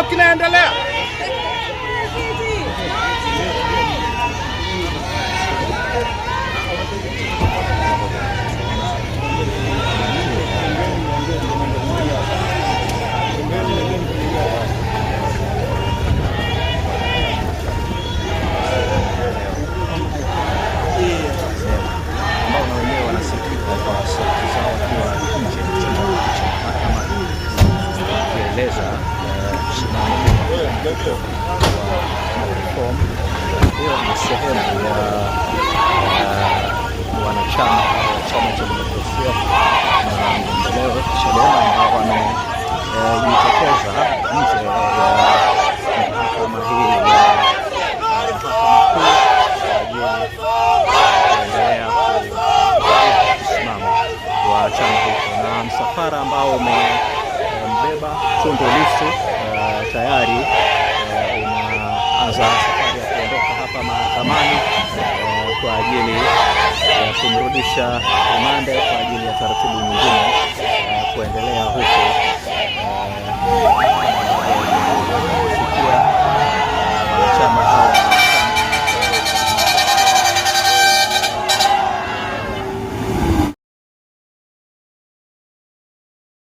kikao kinaendelea hiyo ni sehemu ya wanachama wa Chama cha Demokrasia na Maendeleo CHADEMA ambao wamejitokeza nje ya mahakama hii ya kuendelea kusimama wa chama hicho na msafara ambao umembeba Tundu Lissu tayari eh, unaanza safari ya kuondoka hapa mahakamani eh, kwa ajili ya kumrudisha rumande kwa ajili ya taratibu nyingine eh, kuendelea huko